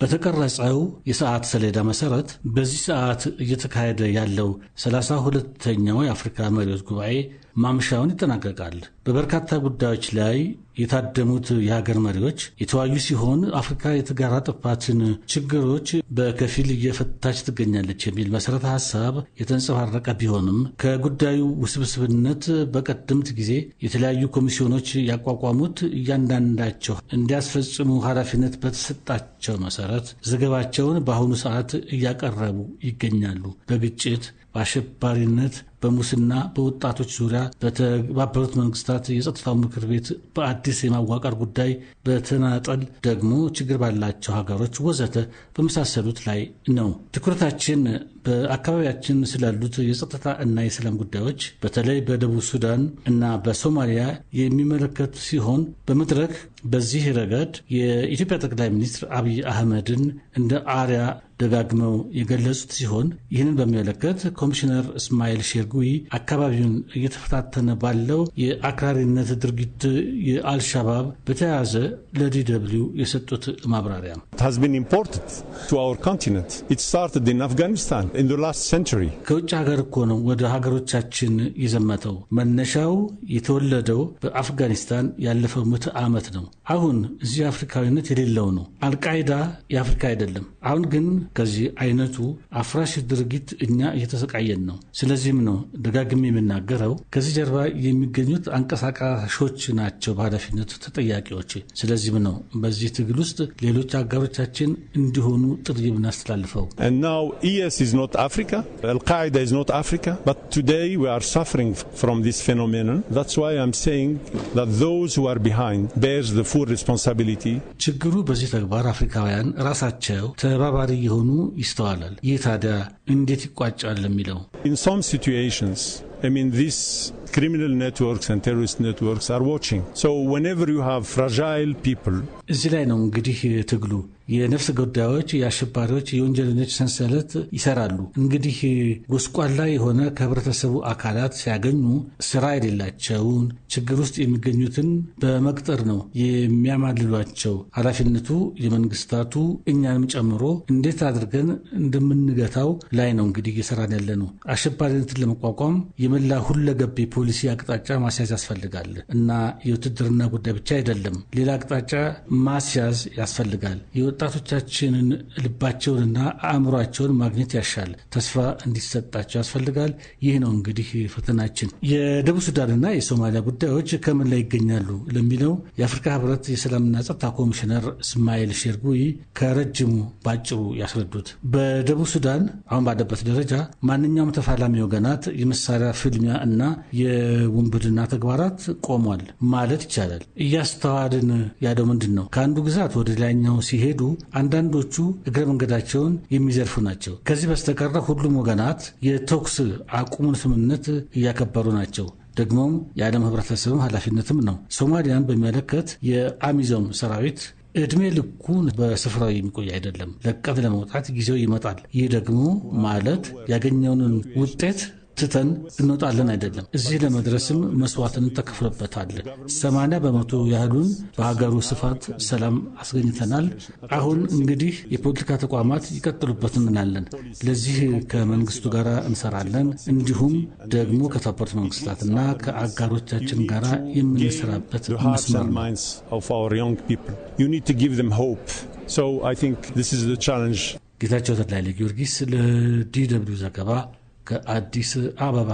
በተቀረጸው የሰዓት ሰሌዳ መሰረት በዚህ ሰዓት እየተካሄደ ያለው ሰላሳ ሁለተኛው የአፍሪካ መሪዎች ጉባኤ ማምሻውን ይጠናቀቃል። በበርካታ ጉዳዮች ላይ የታደሙት የሀገር መሪዎች የተወያዩ ሲሆን አፍሪካ የተጋራ ጥፋትን ችግሮች በከፊል እየፈታች ትገኛለች የሚል መሰረተ ሀሳብ የተንጸባረቀ ቢሆንም ከጉዳዩ ውስብስብነት በቀደምት ጊዜ የተለያዩ ኮሚስዮኖች ያቋቋሙት እያንዳንዳቸው እንዲያስፈጽሙ ኃላፊነት በተሰጣቸው መሰረት ዘገባቸውን በአሁኑ ሰዓት እያቀረቡ ይገኛሉ። በግጭት በአሸባሪነት በሙስና በወጣቶች ዙሪያ በተባበሩት መንግስታት የጸጥታው ምክር ቤት በአዲስ የማዋቀር ጉዳይ በተናጠል ደግሞ ችግር ባላቸው ሀገሮች ወዘተ በመሳሰሉት ላይ ነው ትኩረታችን። በአካባቢያችን ስላሉት የጸጥታ እና የሰላም ጉዳዮች በተለይ በደቡብ ሱዳን እና በሶማሊያ የሚመለከት ሲሆን በመድረክ በዚህ ረገድ የኢትዮጵያ ጠቅላይ ሚኒስትር አብይ አህመድን እንደ አሪያ ደጋግመው የገለጹት ሲሆን ይህንን በሚመለከት ኮሚሽነር እስማኤል ሼርጉይ አካባቢውን እየተፈታተነ ባለው የአክራሪነት ድርጊት የአልሻባብ በተያያዘ ለዲ ደብልዩ የሰጡት ማብራሪያ ከውጭ ሀገር እኮ ነው ወደ ሀገሮቻችን የዘመተው። መነሻው የተወለደው በአፍጋኒስታን ያለፈው ምት ዓመት ነው። አሁን እዚህ አፍሪካዊነት የሌለው ነው። አልቃይዳ የአፍሪካ አይደለም። አሁን ግን ከዚህ አይነቱ አፍራሽ ድርጊት እኛ እየተሰቃየን ነው። ስለዚህም ነው ደጋግሜ የምናገረው ከዚህ ጀርባ የሚገኙት አንቀሳቃሾች ናቸው በኃላፊነቱ ተጠያቂዎች። ስለዚህም ነው በዚህ ትግል ውስጥ ሌሎች አጋሮች አጋሮቻችን እንዲሆኑ ጥሪ ብናስተላልፈው ናው ኢስ ኢዝ ኖት አፍሪካ አልቃይዳ ኢዝ ኖት አፍሪካ በት ቱደይ ዊ አር ሳፍሪንግ ፍሮም ዲስ ፌኖሜኖን ዛትስ ዋይ አም ሰይንግ ዛት ዞዝ ሁ ቢሃይንድ ቤርስ ዘ ፉል ሪስፖንሳቢሊቲ ችግሩ በዚህ ተግባር አፍሪካውያን ራሳቸው ተባባሪ የሆኑ ይስተዋላል። ይህ ታዲያ እንዴት ይቋጫል የሚለው ኢን ሶም ሲትዌሽንስ አይ ዚስ ክሪሚናል ኔትወርክስ ን ቴሮሪስት ኔትወርክስ አር ዋቺንግ ሶ whenever ዩ ሃቭ ፍራጃይል ፒፕል። እዚህ ላይ ነው እንግዲህ ትግሉ የነፍስ ገዳዮች፣ የአሸባሪዎች፣ የወንጀለኞች ሰንሰለት ይሰራሉ። እንግዲህ ጎስቋላ የሆነ ከህብረተሰቡ አካላት ሲያገኙ ስራ የሌላቸውን ችግር ውስጥ የሚገኙትን በመቅጠር ነው የሚያማልሏቸው። ኃላፊነቱ የመንግስታቱ እኛንም ጨምሮ እንዴት አድርገን እንደምንገታው ላይ ነው እንግዲህ እየሰራን ያለ ነው። አሸባሪነትን ለመቋቋም የመላ ሁለገብ የፖሊሲ አቅጣጫ ማስያዝ ያስፈልጋል እና የውትድርና ጉዳይ ብቻ አይደለም፣ ሌላ አቅጣጫ ማስያዝ ያስፈልጋል። የወጣቶቻችንን ልባቸውንና አእምሯቸውን ማግኘት ያሻል፣ ተስፋ እንዲሰጣቸው ያስፈልጋል። ይህ ነው እንግዲህ ፈተናችን። የደቡብ ሱዳንና የሶማሊያ ጉዳዮች ከምን ላይ ይገኛሉ ለሚለው የአፍሪካ ህብረት የሰላምና ጸጥታ ኮሚሽነር እስማኤል ሼርጉይ ከረጅሙ ባጭሩ ያስረዱት በደቡብ ሱዳን አሁን ባለበት ደረጃ ማንኛውም ተፋላሚ ወገናት የመሳሪያ ፍልሚያ እና የውንብድና ተግባራት ቆሟል ማለት ይቻላል። እያስተዋልን ያለው ምንድን ነው? ከአንዱ ግዛት ወደ ሌላኛው ሲሄዱ አንዳንዶቹ እግረ መንገዳቸውን የሚዘርፉ ናቸው። ከዚህ በስተቀረ ሁሉም ወገናት የተኩስ አቁሙን ስምምነት እያከበሩ ናቸው። ደግሞም የዓለም ህብረተሰብም ኃላፊነትም ነው። ሶማሊያን በሚመለከት የአሚዞም ሰራዊት እድሜ ልኩን በስፍራው የሚቆይ አይደለም። ለቀት ለመውጣት ጊዜው ይመጣል። ይህ ደግሞ ማለት ያገኘውን ውጤት ትተን እንወጣለን አይደለም። እዚህ ለመድረስም መስዋዕትን ተከፍሎበታለን። ሰማንያ በመቶ ያህሉን በሀገሩ ስፋት ሰላም አስገኝተናል። አሁን እንግዲህ የፖለቲካ ተቋማት ይቀጥሉበት እንላለን። ለዚህ ከመንግስቱ ጋር እንሰራለን። እንዲሁም ደግሞ ከተባበሩት መንግስታትና ከአጋሮቻችን ጋር የምንሰራበት መስመር ነው። ጌታቸው ተድላ ጊዮርጊስ ለዲ ደብልዩ ዘገባ ከአዲስ አበባ